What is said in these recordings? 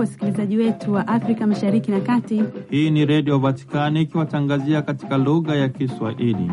Hujambo wasikilizaji wetu wa Afrika mashariki na kati. Hii ni Redio Vatikani ikiwatangazia katika lugha ya Kiswahili.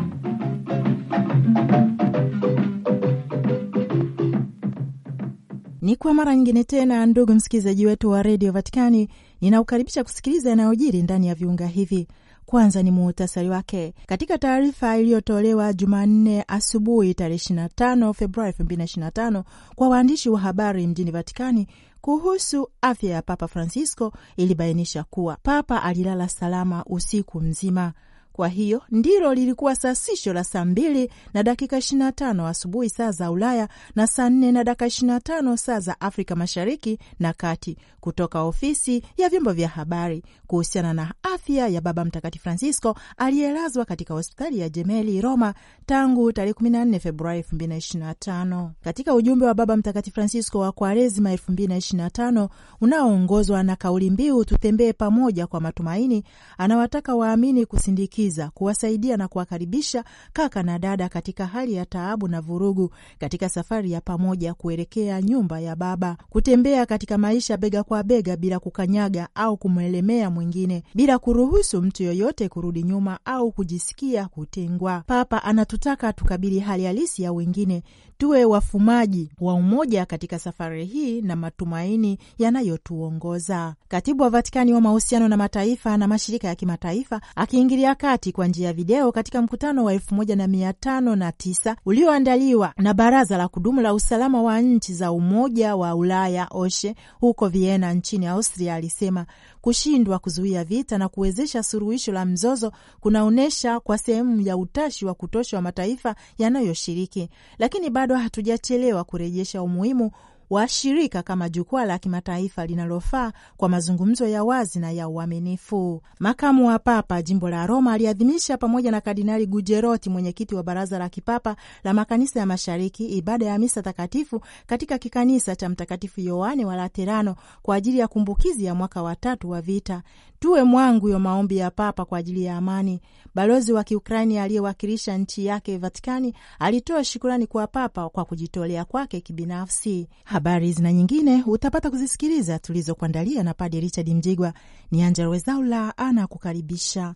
Ni kwa mara nyingine tena, ndugu msikilizaji wetu wa Redio Vatikani, ninaukaribisha kusikiliza yanayojiri ndani ya viunga hivi. Kwanza ni muhutasari wake. Katika taarifa iliyotolewa Jumanne asubuhi tarehe 25 Februari 2025 kwa waandishi wa habari mjini Vatikani, kuhusu afya ya Papa Francisco ilibainisha kuwa Papa alilala salama usiku mzima. Kwa hiyo ndilo lilikuwa sasisho la saa mbili na dakika 25 asubuhi saa za Ulaya na saa nne na dakika 25 saa za Afrika Mashariki na Kati, kutoka ofisi ya vyombo vya habari kuhusiana na afya ya Baba Mtakatifu Francisco aliyelazwa katika hospitali ya Jemeli Roma tangu tarehe 14 Februari 2025. Katika ujumbe wa Baba Mtakatifu Francisco wa Kwaresima 2025 unaoongozwa na kauli mbiu tutembee pamoja kwa matumaini, anawataka waamini kusindikiza, kuwasaidia na kuwakaribisha kaka na dada katika hali ya taabu na vurugu katika safari ya pamoja kuelekea nyumba ya Baba, kutembea katika maisha bega kwa bega bila kukanyaga au kumwelemea mwingine bila kuru kuruhusu mtu yoyote kurudi nyuma au kujisikia kutengwa. Papa anatutaka tukabili hali halisi ya wengine tuwe wafumaji wa umoja katika safari hii na matumaini yanayotuongoza. Katibu wa Vatikani wa mahusiano na mataifa na mashirika ya kimataifa akiingilia kati kwa njia ya video katika mkutano wa elfu moja na mia tano na tisa ulioandaliwa na Baraza la Kudumu la Usalama wa Nchi za Umoja wa Ulaya OSHE huko Vienna nchini Austria, alisema kushindwa kuzuia vita na kuwezesha suluhisho la mzozo kunaonyesha kwa sehemu ya utashi wa kutosha wa mataifa yanayoshiriki, lakini bado bado hatujachelewa kurejesha umuhimu wa shirika kama jukwaa la kimataifa linalofaa kwa mazungumzo ya wazi na ya uaminifu. Makamu wa Papa jimbo la Roma aliadhimisha pamoja na Kardinali Gujeroti, mwenyekiti wa Baraza la Kipapa la Makanisa ya Mashariki, ibada ya misa takatifu katika kikanisa cha Mtakatifu Yohane wa Laterano kwa ajili ya kumbukizi ya mwaka wa tatu wa vita tuwe mwangu yo maombi ya Papa kwa ajili ya amani. Balozi wa Kiukraini aliyewakilisha nchi yake Vatikani alitoa shukurani kwa Papa kwa kujitolea kwake kibinafsi. Habari zina nyingine utapata kuzisikiliza tulizokuandalia na Padi Richard Mjigwa. Ni Anjela Wezaula ana kukaribisha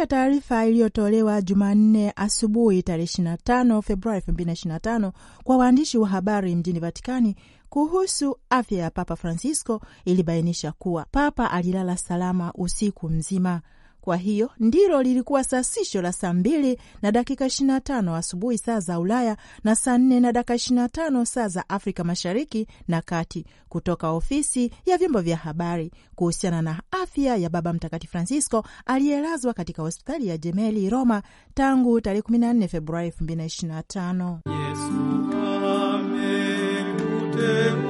Katika taarifa iliyotolewa Jumanne asubuhi tarehe 25 Februari 2025 kwa waandishi wa habari mjini Vatikani kuhusu afya ya Papa Francisco ilibainisha kuwa Papa alilala salama usiku mzima kwa hiyo ndilo lilikuwa sasisho la saa mbili na dakika 25 asubuhi saa za Ulaya na saa nne na dakika 25 saa za Afrika Mashariki na Kati, kutoka ofisi ya vyombo vya habari kuhusiana na afya ya Baba Mtakatifu Francisco aliyelazwa katika hospitali ya Jemeli Roma tangu tarehe 14 Februari 2025. Yesu amekutembua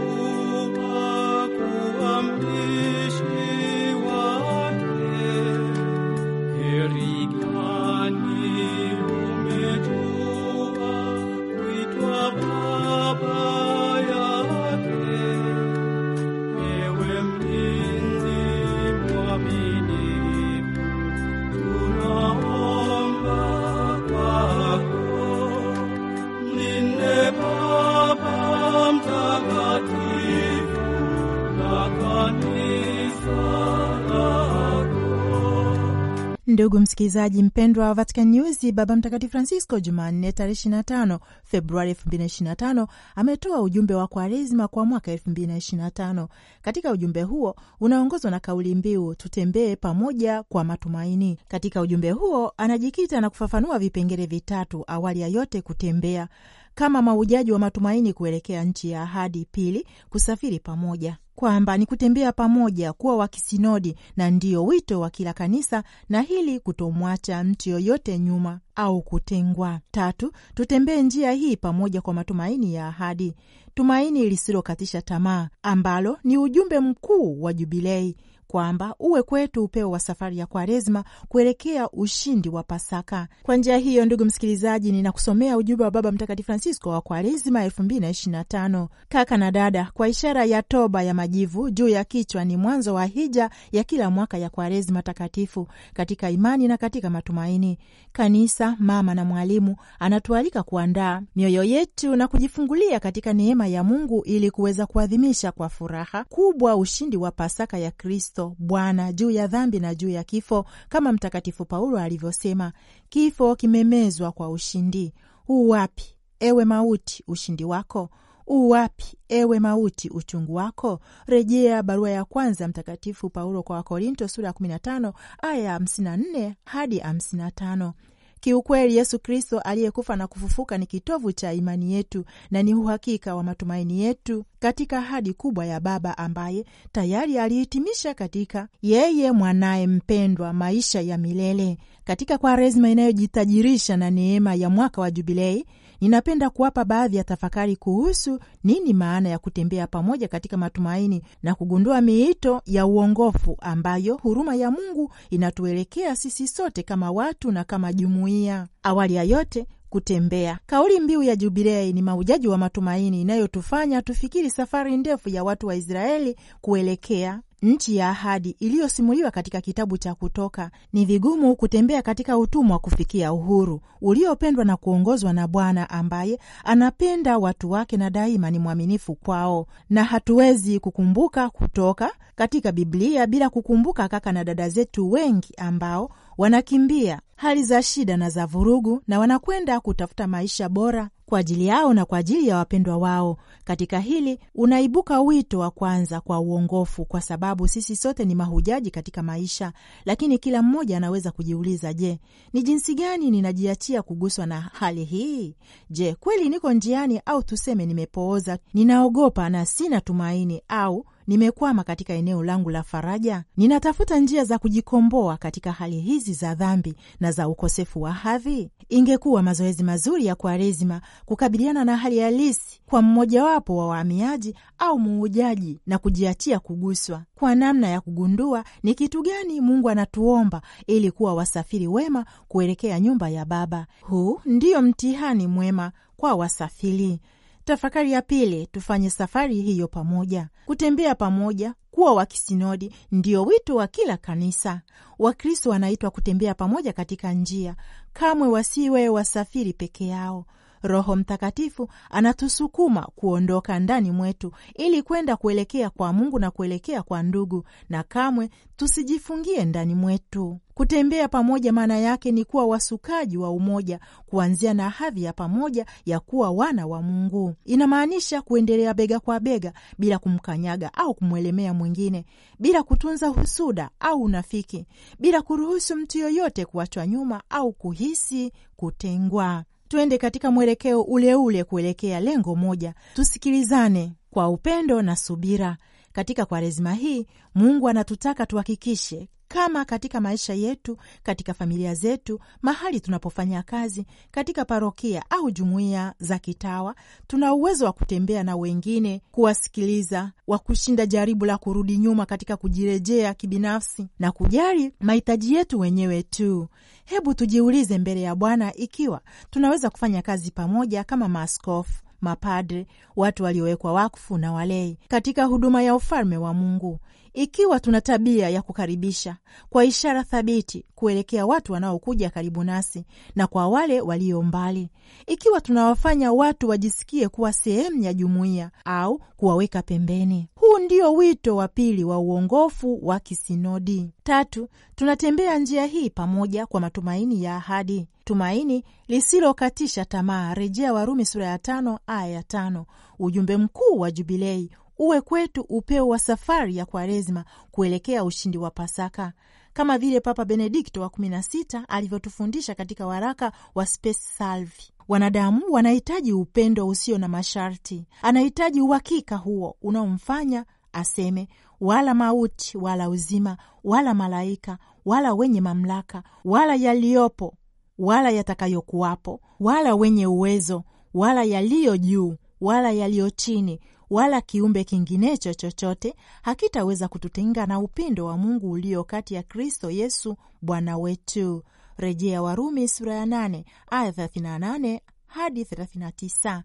Ndugu msikilizaji mpendwa wa Vatican News, Baba Mtakatifu Francisco Jumanne tarehe 25 Februari 2025 ametoa ujumbe wa Kwaresima kwa mwaka 2025. Katika ujumbe huo unaongozwa na kauli mbiu tutembee pamoja kwa matumaini. Katika ujumbe huo anajikita na kufafanua vipengele vitatu, awali ya yote kutembea kama maujaji wa matumaini kuelekea nchi ya ahadi; pili, kusafiri pamoja kwamba ni kutembea pamoja, kuwa wa kisinodi, na ndiyo wito wa kila kanisa, na hili kutomwacha mtu yoyote nyuma au kutengwa. Tatu, tutembee njia hii pamoja kwa matumaini ya ahadi, tumaini lisilokatisha tamaa, ambalo ni ujumbe mkuu wa Jubilei kwamba uwe kwetu upeo wa safari ya Kwaresma kuelekea ushindi wa Pasaka. Kwa njia hiyo, ndugu msikilizaji, ninakusomea ujumbe wa Baba Mtakatifu Francisco wa Kwaresma 2025. Kaka na dada, kwa ishara ya toba ya majivu juu ya kichwa ni mwanzo wa hija ya kila mwaka ya Kwaresma takatifu katika imani na katika matumaini. Kanisa mama na mwalimu anatualika kuandaa mioyo yetu na kujifungulia katika neema ya Mungu ili kuweza kuadhimisha kwa furaha kubwa ushindi wa Pasaka ya Kristo Kristo Bwana juu ya dhambi na juu ya kifo, kama Mtakatifu Paulo alivyosema, kifo kimemezwa kwa ushindi. Huu wapi ewe mauti ushindi wako? U wapi ewe mauti uchungu wako? Rejea barua ya kwanza Mtakatifu Paulo kwa Wakorinto sura ya 15 aya ya 54 hadi 55. Kiukweli, Yesu Kristo aliyekufa na kufufuka ni kitovu cha imani yetu na ni uhakika wa matumaini yetu katika ahadi kubwa ya Baba ambaye tayari alihitimisha katika yeye mwanaye mpendwa maisha ya milele. Katika Kwaresma inayojitajirisha na neema ya mwaka wa Jubilei, Ninapenda kuwapa baadhi ya tafakari kuhusu nini maana ya kutembea pamoja katika matumaini na kugundua miito ya uongofu ambayo huruma ya Mungu inatuelekea sisi sote kama watu na kama jumuiya. Awali ya yote kutembea. Kauli mbiu ya Jubilei ni maujaji wa matumaini inayotufanya tufikiri safari ndefu ya watu wa Israeli kuelekea nchi ya ahadi iliyosimuliwa katika kitabu cha Kutoka. Ni vigumu kutembea katika utumwa kufikia uhuru uliopendwa na kuongozwa na Bwana ambaye anapenda watu wake na daima ni mwaminifu kwao, na hatuwezi kukumbuka Kutoka katika Biblia bila kukumbuka kaka na dada zetu wengi ambao wanakimbia hali za shida na za vurugu na wanakwenda kutafuta maisha bora kwa ajili yao na kwa ajili ya wapendwa wao. Katika hili unaibuka wito wa kwanza kwa uongofu, kwa sababu sisi sote ni mahujaji katika maisha, lakini kila mmoja anaweza kujiuliza, je, ni jinsi gani ninajiachia kuguswa na hali hii? Je, kweli niko njiani, au tuseme nimepooza, ninaogopa na sina tumaini, au nimekwama katika eneo langu la faraja. Ninatafuta njia za kujikomboa katika hali hizi za dhambi na za ukosefu wa hadhi. Ingekuwa mazoezi mazuri ya Kwaresima kukabiliana na hali halisi kwa mmojawapo wa wahamiaji au muujaji na kujiatia kuguswa kwa namna ya kugundua ni kitu gani Mungu anatuomba ili kuwa wasafiri wema kuelekea nyumba ya Baba. Huu ndiyo mtihani mwema kwa wasafiri. Tafakari ya pili, tufanye safari hiyo pamoja. Kutembea pamoja, kuwa wa kisinodi ndio wito wa kila kanisa. Wakristo wanaitwa kutembea pamoja katika njia, kamwe wasiwe wasafiri peke yao. Roho Mtakatifu anatusukuma kuondoka ndani mwetu ili kwenda kuelekea kwa Mungu na kuelekea kwa ndugu, na kamwe tusijifungie ndani mwetu. Kutembea pamoja maana yake ni kuwa wasukaji wa umoja, kuanzia na hadhi ya pamoja ya kuwa wana wa Mungu. Inamaanisha kuendelea bega kwa bega bila kumkanyaga au kumwelemea mwingine, bila kutunza husuda au unafiki, bila kuruhusu mtu yoyote kuachwa nyuma au kuhisi kutengwa twende katika mwelekeo uleule ule kuelekea lengo moja, tusikilizane kwa upendo na subira. Katika Kwaresima hii Mungu anatutaka tuhakikishe kama katika maisha yetu, katika familia zetu, mahali tunapofanya kazi, katika parokia au jumuiya za kitawa, tuna uwezo wa kutembea na wengine, kuwasikiliza, wa kushinda jaribu la kurudi nyuma katika kujirejea kibinafsi na kujali mahitaji yetu wenyewe tu. Hebu tujiulize mbele ya Bwana ikiwa tunaweza kufanya kazi pamoja kama maaskofu mapadre, watu waliowekwa wakfu na walei katika huduma ya ufalme wa Mungu, ikiwa tuna tabia ya kukaribisha kwa ishara thabiti kuelekea watu wanaokuja karibu nasi na kwa wale walio mbali, ikiwa tunawafanya watu wajisikie kuwa sehemu ya jumuiya au kuwaweka pembeni. Huu ndio wito wa pili wa uongofu wa kisinodi. Tatu, tunatembea njia hii pamoja kwa matumaini ya ahadi, tumaini lisilokatisha tamaa, rejea Warumi sura ya tano aya ya tano. Ujumbe mkuu wa Jubilei uwe kwetu upeo wa safari ya Kwaresma kuelekea ushindi wa Pasaka, kama vile Papa Benedikto wa 16 alivyotufundisha katika waraka wa Spes Salvi. Wanadamu wanahitaji upendo usio na masharti, anahitaji uhakika huo unaomfanya aseme wala mauti wala uzima wala malaika wala wenye mamlaka wala yaliyopo wala yatakayokuwapo wala wenye uwezo wala yaliyo juu wala yaliyo chini wala kiumbe kinginecho chochote hakitaweza kututenga na upendo wa Mungu ulio kati ya Kristo Yesu Bwana wetu. Rejea Warumi sura ya 8 aya 38 hadi 39.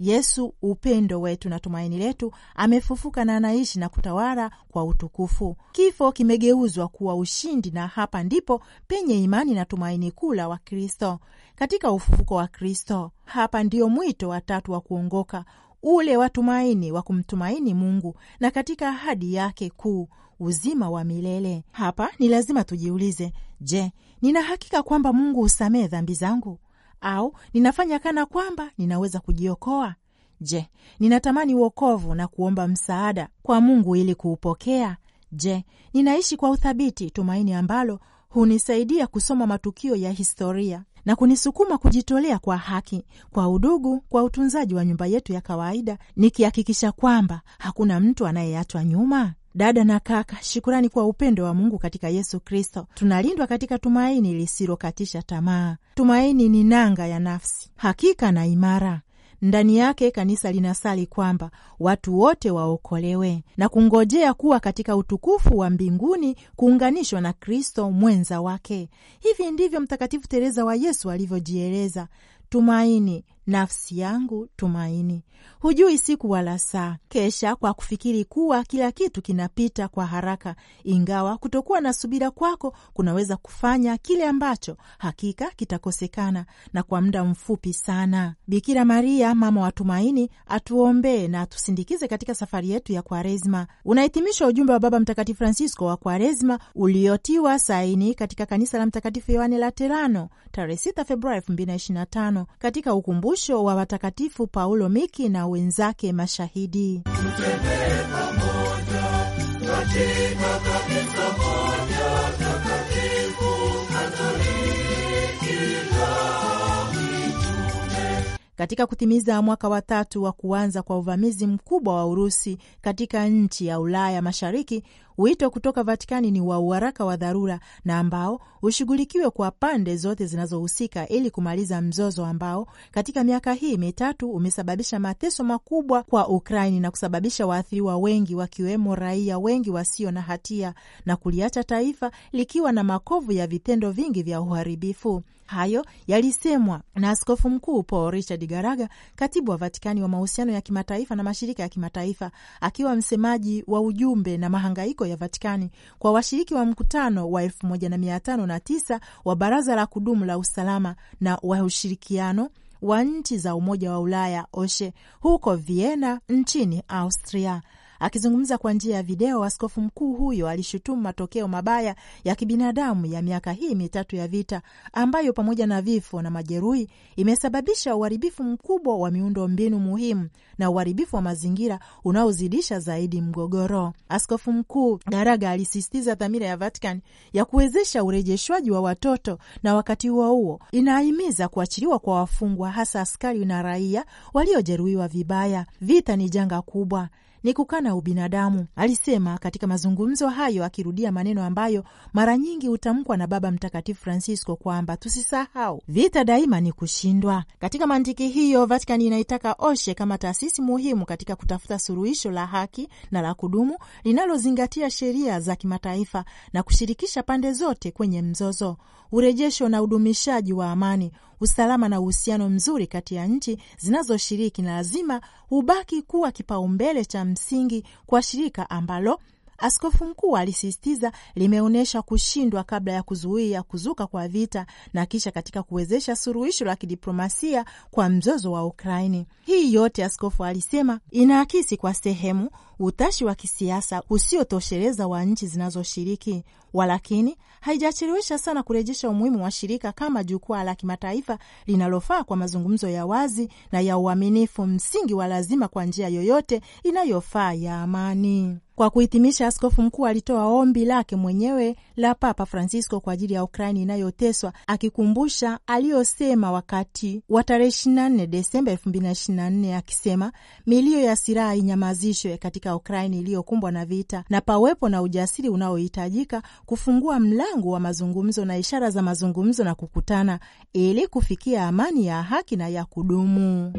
Yesu upendo wetu na tumaini letu amefufuka na anaishi na kutawala kwa utukufu. Kifo kimegeuzwa kuwa ushindi, na hapa ndipo penye imani na tumaini kuu la Wakristo katika ufufuko wa Kristo. Hapa ndiyo mwito wa tatu wa kuongoka ule wa tumaini wa kumtumaini Mungu na katika ahadi yake kuu, uzima wa milele. Hapa ni lazima tujiulize, je, nina hakika kwamba Mungu husamehe dhambi zangu au ninafanya kana kwamba ninaweza kujiokoa? Je, ninatamani uokovu na kuomba msaada kwa Mungu ili kuupokea? Je, ninaishi kwa uthabiti tumaini ambalo hunisaidia kusoma matukio ya historia na kunisukuma kujitolea kwa haki, kwa udugu, kwa utunzaji wa nyumba yetu ya kawaida, nikihakikisha kwamba hakuna mtu anayeachwa nyuma. Dada na kaka, shukurani kwa upendo wa Mungu katika Yesu Kristo, tunalindwa katika tumaini lisilokatisha tamaa. Tumaini ni nanga ya nafsi, hakika na imara. Ndani yake kanisa linasali kwamba watu wote waokolewe na kungojea kuwa katika utukufu wa mbinguni kuunganishwa na Kristo mwenza wake. Hivi ndivyo Mtakatifu Tereza wa Yesu alivyojieleza: tumaini nafsi yangu tumaini, hujui siku wala saa. Kesha kwa kufikiri kuwa kila kitu kinapita kwa haraka, ingawa kutokuwa na subira kwako kunaweza kufanya kile ambacho hakika kitakosekana na kwa muda mfupi sana. Bikira Maria, mama wa tumaini, atuombee na atusindikize katika safari yetu ya Kwaresma. Unahitimisha ujumbe wa Baba Mtakatifu Francisco wa Kwaresma uliotiwa saini katika kanisa la Mtakatifu Yohane Laterano tarehe 6 Februari 2025 katika ukumbusho ukumbusho wa watakatifu Paulo Miki na wenzake mashahidi. katika Katika kutimiza mwaka wa tatu wa kuanza kwa uvamizi mkubwa wa Urusi katika nchi ya Ulaya Mashariki, Wito kutoka Vatikani ni wa uharaka wa dharura na ambao ushughulikiwe kwa pande zote zinazohusika ili kumaliza mzozo ambao katika miaka hii mitatu umesababisha mateso makubwa kwa Ukraini na kusababisha waathiriwa wengi wakiwemo raia wengi wasio na hatia na kuliacha taifa likiwa na makovu ya vitendo vingi vya uharibifu. Hayo yalisemwa na askofu mkuu Paul Richard Garaga, katibu wa Vatikani wa mahusiano ya kimataifa na mashirika ya kimataifa, akiwa msemaji wa ujumbe na mahangaiko ya Vatikani kwa washiriki wa mkutano wa elfu moja na mia tano na tisa wa Baraza la Kudumu la Usalama na wa Ushirikiano wa Nchi za Umoja wa Ulaya, OSHE, huko Vienna nchini Austria. Akizungumza kwa njia ya video, askofu mkuu huyo alishutumu matokeo mabaya ya kibinadamu ya miaka hii mitatu ya vita ambayo pamoja na vifo na majeruhi imesababisha uharibifu mkubwa wa miundo mbinu muhimu na uharibifu wa mazingira unaozidisha zaidi mgogoro. Askofu mkuu Garaga alisisitiza dhamira ya Vatican ya kuwezesha urejeshwaji wa watoto na wakati huo huo inahimiza kuachiliwa kwa wafungwa, hasa askari na raia waliojeruhiwa vibaya. Vita ni janga kubwa, ni kukana ubinadamu, alisema katika mazungumzo hayo, akirudia maneno ambayo mara nyingi hutamkwa na Baba Mtakatifu Francisco kwamba tusisahau vita daima ni kushindwa. Katika mantiki hiyo, Vatikani inaitaka OSHE kama taasisi muhimu katika kutafuta suluhisho la haki na la kudumu linalozingatia sheria za kimataifa na kushirikisha pande zote kwenye mzozo, urejesho na udumishaji wa amani usalama na uhusiano mzuri kati ya nchi zinazoshiriki na lazima hubaki kuwa kipaumbele cha msingi kwa shirika ambalo askofu mkuu alisisitiza limeonyesha kushindwa kabla ya kuzuia kuzuka kwa vita na kisha katika kuwezesha suluhisho la kidiplomasia kwa mzozo wa Ukraini. Hii yote askofu alisema inaakisi kwa sehemu utashi wa kisiasa usiotosheleza wa nchi zinazoshiriki, walakini haijachelewesha sana kurejesha umuhimu wa shirika kama jukwaa la kimataifa linalofaa kwa mazungumzo ya wazi na ya uaminifu, msingi wa lazima kwa njia yoyote inayofaa ya amani. Kwa kuhitimisha, askofu mkuu alitoa ombi lake mwenyewe la Papa Francisco kwa ajili ya Ukraini inayoteswa akikumbusha aliyosema wakati wa tarehe 24 Desemba 2024 akisema milio ya silaha inyamazishwe katika katika Ukraini iliyokumbwa na vita na pawepo na ujasiri unaohitajika kufungua mlango wa mazungumzo na ishara za mazungumzo na kukutana ili kufikia amani ya haki na ya kudumu.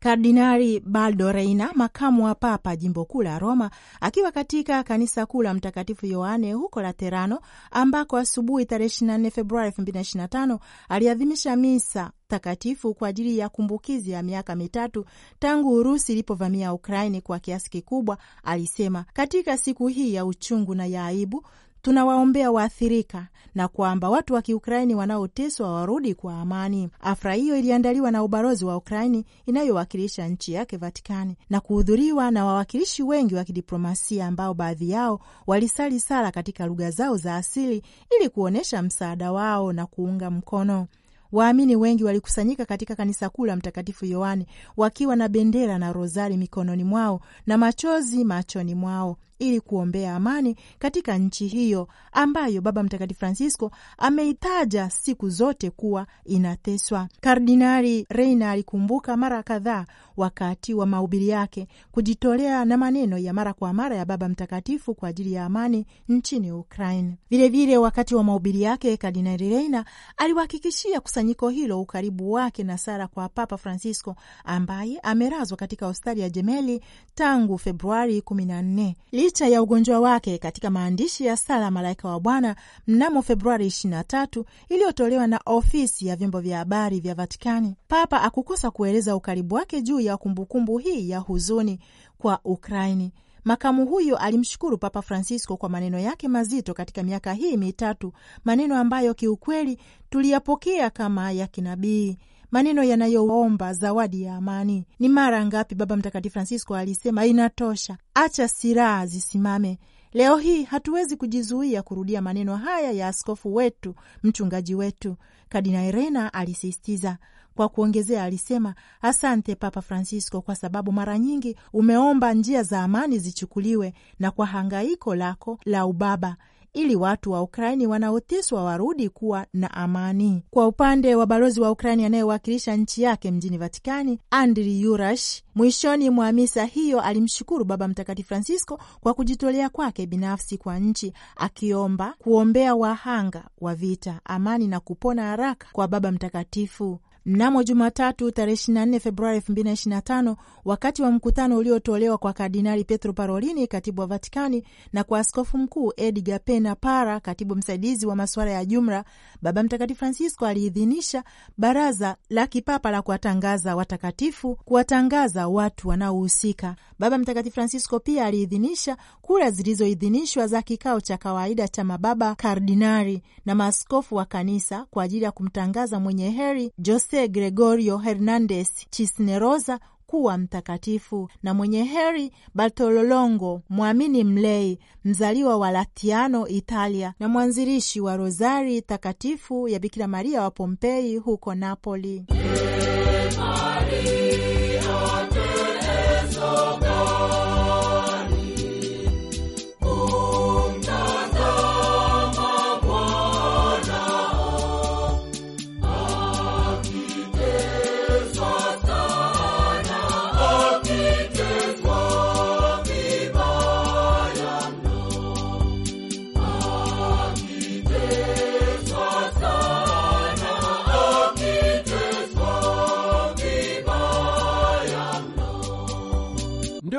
Kardinari Baldo Reina, makamu wa papa jimbo kuu la Roma, akiwa katika kanisa kuu la Mtakatifu Yohane huko Laterano, ambako asubuhi tarehe 24 Februari 2025 aliadhimisha misa takatifu kwa ajili ya kumbukizi ya miaka mitatu tangu Urusi ilipovamia Ukraini kwa kiasi kikubwa, alisema katika siku hii ya uchungu na ya aibu tunawaombea waathirika na kwamba watu wa Kiukraini wanaoteswa warudi kwa amani. Afra hiyo iliandaliwa na ubalozi wa Ukraini inayowakilisha nchi yake Vatikani na kuhudhuriwa na wawakilishi wengi wa kidiplomasia ambao baadhi yao walisali sala katika lugha zao za asili ili kuonyesha msaada wao na kuunga mkono. Waamini wengi walikusanyika katika kanisa kuu la Mtakatifu Yohane wakiwa na bendera na rozari mikononi mwao na machozi machoni mwao ili kuombea amani katika nchi hiyo ambayo Baba Mtakatifu Francisco ameitaja siku zote kuwa inateswa. Kardinali Reina alikumbuka mara kadhaa wakati wa mahubiri yake kujitolea na maneno ya mara kwa mara ya Baba Mtakatifu kwa ajili ya amani nchini Ukraine. Vilevile, wakati wa mahubiri yake Kardinali Reina aliwahakikishia kusanyiko hilo ukaribu wake na sara kwa Papa Francisco ambaye amelazwa katika hospitali ya Jemeli tangu Februari 14 licha ya ugonjwa wake katika maandishi ya sala malaika wa Bwana mnamo Februari 23 iliyotolewa na ofisi ya vyombo vya habari vya Vatikani, Papa akukosa kueleza ukaribu wake juu ya kumbukumbu hii ya huzuni kwa Ukraini. Makamu huyo alimshukuru Papa Francisco kwa maneno yake mazito katika miaka hii mitatu, maneno ambayo kiukweli tuliyapokea kama ya kinabii maneno yanayoomba zawadi ya amani. Ni mara ngapi Baba Mtakatifu Francisco alisema inatosha, acha silaha zisimame. Leo hii hatuwezi kujizuia kurudia maneno haya ya askofu wetu, mchungaji wetu Kardinali Rena alisisitiza. Kwa kuongezea, alisema asante Papa Francisco, kwa sababu mara nyingi umeomba njia za amani zichukuliwe na kwa hangaiko lako la ubaba ili watu wa Ukraini wanaoteswa warudi kuwa na amani. Kwa upande wa balozi wa Ukraini anayewakilisha nchi yake mjini Vatikani, Andri Yurash, mwishoni mwa misa hiyo alimshukuru Baba Mtakatifu Francisco kwa kujitolea kwake binafsi kwa nchi, akiomba kuombea wahanga wa vita, amani na kupona haraka kwa Baba Mtakatifu. Mnamo Jumatatu tarehe 24 Februari 2025 wakati wa mkutano uliotolewa kwa Kardinali petro Parolini, katibu wa Vatikani, na kwa askofu mkuu Edgar Pena Para, katibu msaidizi wa masuala ya jumla, Baba Mtakatifu Francisco aliidhinisha baraza la kipapa la kuwatangaza watakatifu, kuwatangaza watu wanaohusika Baba Mtakatifu Francisco pia aliidhinisha kura zilizoidhinishwa za kikao cha kawaida cha mababa kardinari na maaskofu wa kanisa kwa ajili ya kumtangaza mwenye heri Jose Gregorio Hernandez Cisneroza kuwa mtakatifu na mwenye heri Bartololongo, mwamini mlei mzaliwa wa Latiano, Italia, na mwanzilishi wa rozari takatifu ya Bikira Maria wa Pompei huko Napoli.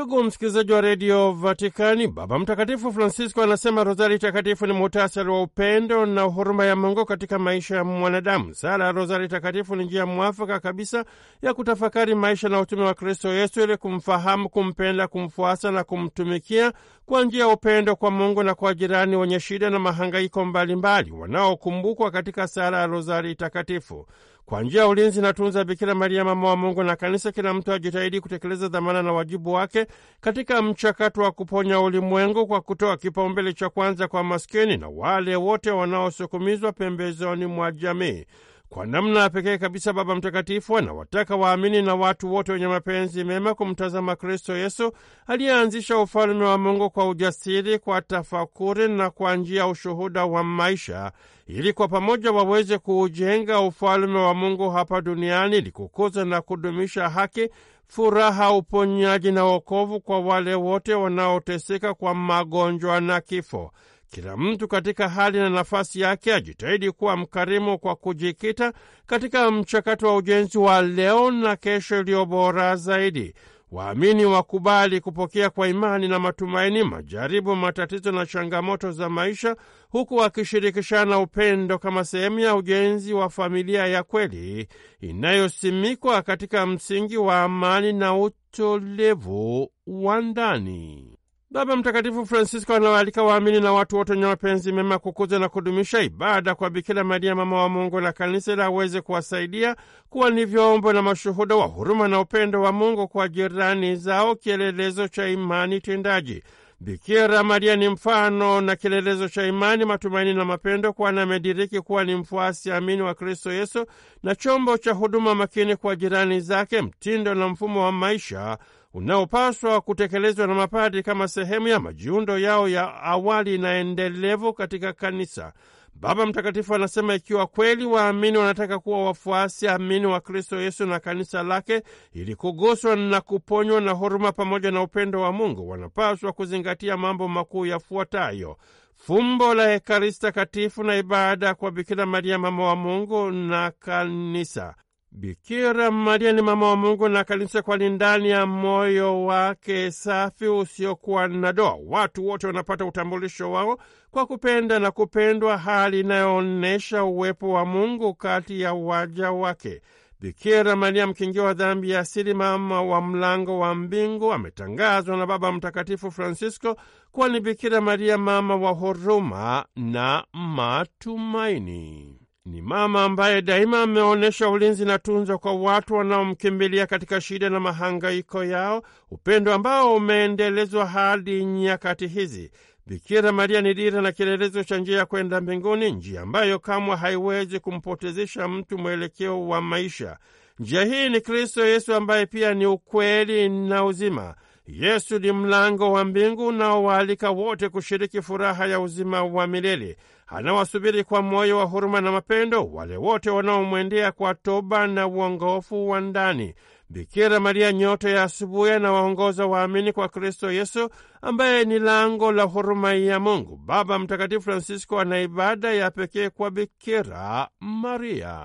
Ndugu msikilizaji wa redio Vatikani, Baba Mtakatifu Francisco anasema rozari takatifu ni muhtasari wa upendo na huruma ya Mungu katika maisha ya mwanadamu. Sala ya rozari takatifu ni njia mwafaka kabisa ya kutafakari maisha na utume wa Kristo Yesu ili kumfahamu, kumpenda, kumfuasa na kumtumikia kwa njia ya upendo kwa Mungu na kwa jirani wenye shida na mahangaiko mbalimbali wanaokumbukwa katika sala ya rozari takatifu. Kwa njia ya ulinzi na tunza Bikira Maria mama wa Mungu na kanisa, kila mtu ajitahidi kutekeleza dhamana na wajibu wake katika mchakato wa kuponya ulimwengu kwa kutoa kipaumbele cha kwanza kwa maskini na wale wote wanaosukumizwa pembezoni mwa jamii. Kwa namna pekee kabisa, Baba Mtakatifu anawataka waamini na watu wote wenye mapenzi mema kumtazama Kristo Yesu aliyeanzisha ufalme wa Mungu kwa ujasiri, kwa tafakuri na kwa njia ya ushuhuda wa maisha, ili kwa pamoja waweze kuujenga ufalme wa Mungu hapa duniani, ili kukuza na kudumisha haki, furaha, uponyaji na wokovu kwa wale wote wanaoteseka kwa magonjwa na kifo. Kila mtu katika hali na nafasi yake ajitahidi kuwa mkarimu kwa kujikita katika mchakato wa ujenzi wa leo na kesho iliyo bora zaidi. Waamini wakubali kupokea kwa imani na matumaini majaribu, matatizo na changamoto za maisha, huku wakishirikishana upendo kama sehemu ya ujenzi wa familia ya kweli inayosimikwa katika msingi wa amani na utulivu wa ndani. Baba Mtakatifu Francisco anawaalika waamini na watu wote wenye mapenzi mema kukuza na kudumisha ibada kwa Bikira Maria, mama wa Mungu na kanisa, ili aweze kuwasaidia kuwa ni vyombo na mashuhuda wa huruma na upendo wa Mungu kwa jirani zao, kielelezo cha imani tendaji. Bikira Maria ni mfano na kielelezo cha imani, matumaini na mapendo, kwani amediriki kuwa ni mfuasi amini wa Kristo Yesu na chombo cha huduma makini kwa jirani zake, mtindo na mfumo wa maisha unaopaswa kutekelezwa na mapadi kama sehemu ya majiundo yao ya awali na endelevu katika kanisa. Baba Mtakatifu anasema ikiwa kweli waamini wanataka kuwa wafuasi amini wa Kristo Yesu na kanisa lake, ili kuguswa na kuponywa na huruma pamoja na upendo wa Mungu, wanapaswa kuzingatia mambo makuu yafuatayo: fumbo la Ekaristi takatifu na ibada kwa Bikira Maria mama wa Mungu na kanisa Bikira Maria ni mama wa Mungu na kanisa, kwani ndani ya moyo wake safi usiokuwa na doa watu wote wanapata utambulisho wao kwa kupenda na kupendwa, hali inayoonyesha uwepo wa Mungu kati ya waja wake. Bikira Maria, mkingi wa dhambi ya asili, mama wa mlango wa mbingu, ametangazwa na Baba Mtakatifu Francisco kuwa ni Bikira Maria, mama wa huruma na matumaini. Ni mama ambaye daima ameonyesha ulinzi na tunzo kwa watu wanaomkimbilia katika shida na mahangaiko yao, upendo ambao umeendelezwa hadi nyakati hizi. Bikira Maria ni dira na kielelezo cha njia ya kwenda mbinguni, njia ambayo kamwe haiwezi kumpotezesha mtu mwelekeo wa maisha. Njia hii ni Kristo Yesu ambaye pia ni ukweli na uzima. Yesu ni mlango wa mbingu unaowaalika wote kushiriki furaha ya uzima wa milele anawasubiri kwa moyo wa huruma na mapendo wale wote wanaomwendea kwa toba na uongofu wa ndani. Bikira Maria, nyota ya asubuhi, anawaongoza waamini kwa Kristo Yesu ambaye ni lango la huruma ya Mungu. Baba Mtakatifu Francisco ana ibada ya pekee kwa Bikira Maria.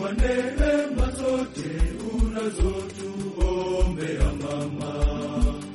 kwa neema zote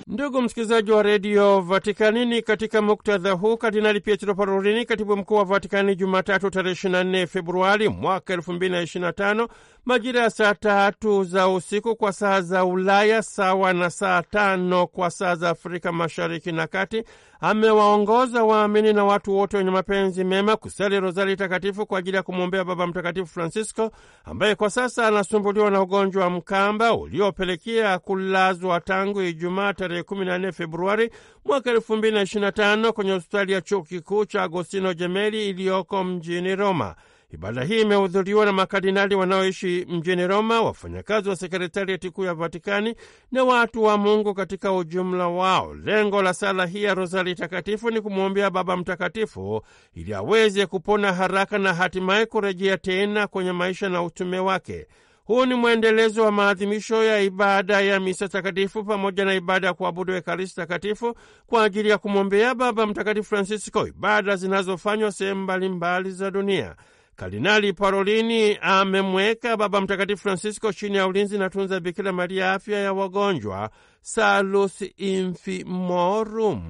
Ndugu msikilizaji wa redio Vatikanini, katika muktadha huu Kardinali Pietro Parolini, katibu mkuu wa Vatikani, Jumatatu tarehe 24 Februari mwaka 2025 majira ya saa tatu za usiku kwa saa za Ulaya, sawa na saa tano kwa saa za Afrika Mashariki na Kati, amewaongoza waamini na watu wote wenye mapenzi mema kusali rozari takatifu kwa ajili ya kumwombea Baba Mtakatifu Francisco ambaye kwa sasa anasumbuliwa na ugonjwa wa mkamba uliopelekea kulazwa tangu Ijumaa tarehe 14 Februari mwaka 2025 kwenye hospitali ya chuo kikuu cha Agostino jemeli iliyoko mjini Roma. Ibada hii imehudhuriwa na makardinali wanaoishi mjini Roma, wafanyakazi wa sekretarieti kuu ya Vatikani na watu wa Mungu katika ujumla wao. Lengo la sala hii ya rosari Takatifu ni kumwombea Baba Mtakatifu ili aweze kupona haraka na hatimaye kurejea tena kwenye maisha na utume wake. Huu ni mwendelezo wa maadhimisho ya ibada ya misa takatifu pamoja na ibada ya kuabudu Ekaristi takatifu kwa ajili ya kumwombea Baba Mtakatifu Francisco, ibada zinazofanywa sehemu mbalimbali za dunia. Kardinali Parolini amemweka Baba Mtakatifu Francisco chini ya ulinzi na tunza Bikira Maria, afya ya wagonjwa, Salus Infimorum.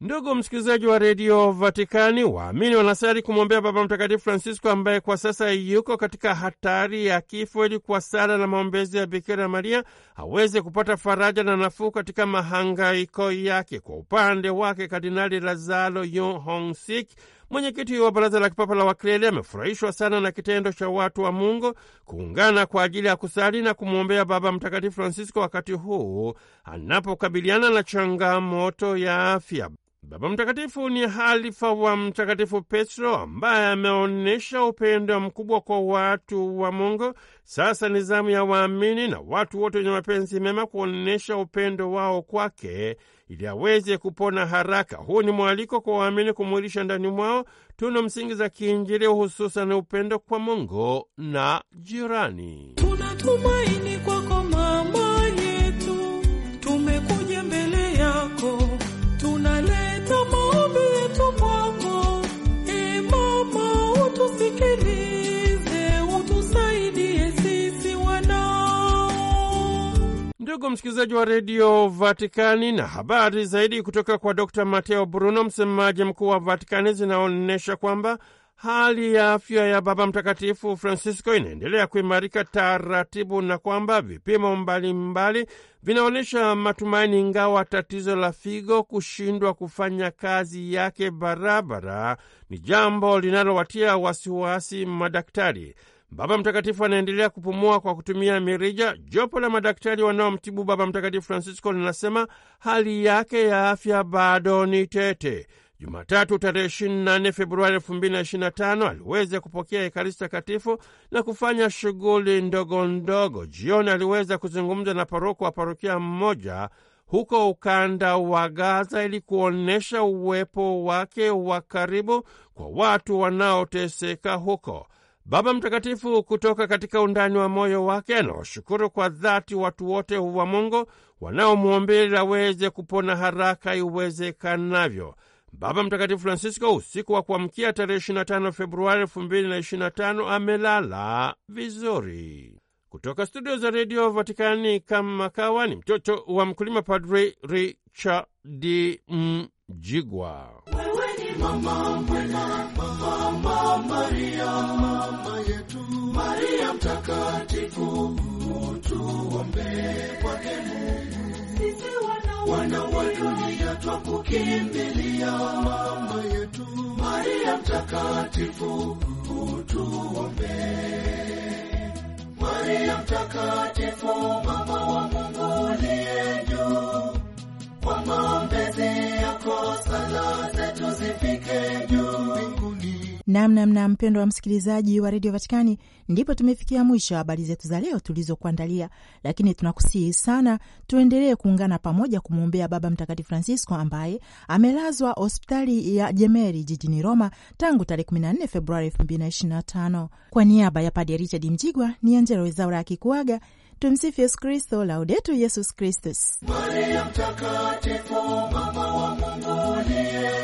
Ndugu msikilizaji wa redio Vatikani, waamini wanasali kumwombea Baba Mtakatifu Francisco ambaye kwa sasa yuko katika hatari ya kifo, ili kwa sala na maombezi ya Bikira Maria aweze kupata faraja na nafuu katika mahangaiko yake. Kwa upande wake, Kardinali Lazaro Yohonsik Mwenyekiti wa Baraza la Kipapa la wakreli amefurahishwa sana na kitendo cha watu wa Mungu kuungana kwa ajili ya kusali na kumwombea Baba Mtakatifu Francisco wakati huu anapokabiliana na changamoto ya afya. Baba Mtakatifu ni halifa wa Mtakatifu Petro ambaye ameonyesha upendo mkubwa kwa watu wa Mungu. Sasa ni zamu ya waamini na watu wote wenye mapenzi mema kuonyesha upendo wao kwake ili aweze kupona haraka. Huu ni mwaliko kwa waamini kumwilisha ndani mwao tuno msingi za kiinjili, hususan upendo kwa Mungu na jirani. Tunatumaini kwa Ndugu msikilizaji wa redio Vatikani, na habari zaidi kutoka kwa Dr Mateo Bruno, msemaji mkuu wa Vatikani, zinaonyesha kwamba hali ya afya ya Baba Mtakatifu Francisco inaendelea kuimarika taratibu na kwamba vipimo mbalimbali vinaonyesha matumaini, ingawa tatizo la figo kushindwa kufanya kazi yake barabara ni jambo linalowatia wasiwasi madaktari. Baba Mtakatifu anaendelea kupumua kwa kutumia mirija. Jopo la madaktari wanaomtibu Baba Mtakatifu Francisco linasema hali yake ya afya bado ni tete. Jumatatu tarehe 24 Februari 2025 aliweza kupokea Ekaristi Takatifu na kufanya shughuli ndogo ndogo. Jioni aliweza kuzungumza na paroko wa parokia mmoja huko ukanda wa Gaza ili kuonyesha uwepo wake wa karibu kwa watu wanaoteseka huko. Baba Mtakatifu kutoka katika undani wa moyo wake anawashukuru kwa dhati watu wote wa Mungu wanaomwombela aweze kupona haraka iwezekanavyo. Baba Mtakatifu Francisco usiku wa kuamkia tarehe 25 Februari 2025 amelala vizuri. Kutoka studio za redio Vatikani, kama kawa ni mtoto wa mkulima, Padri Richard Mjigwa mama mwema, mama Maria, mama yetu Maria mtakatifu, utuombee kwake Mungu. Sisi wana wa dunia twakukimbilia, mama yetu Maria mtakatifu, utuombee. Maria mtakatifu mama namnamna mpendo wa msikilizaji wa redio Vatikani, ndipo tumefikia mwisho wa habari zetu za leo tulizokuandalia, lakini tunakusihi sana tuendelee kuungana pamoja kumwombea Baba Mtakatifu Francisco ambaye amelazwa hospitali ya Jemeri jijini Roma tangu tarehe 14 Februari 2025. Kwa niaba ya Padre Richard Mjigwa ni Angela Wezaura akikuaga. Tumsifu Yesu Kristo, Laudetu Yesus Kristus. Maria Mtakatifu, mama wa Mungu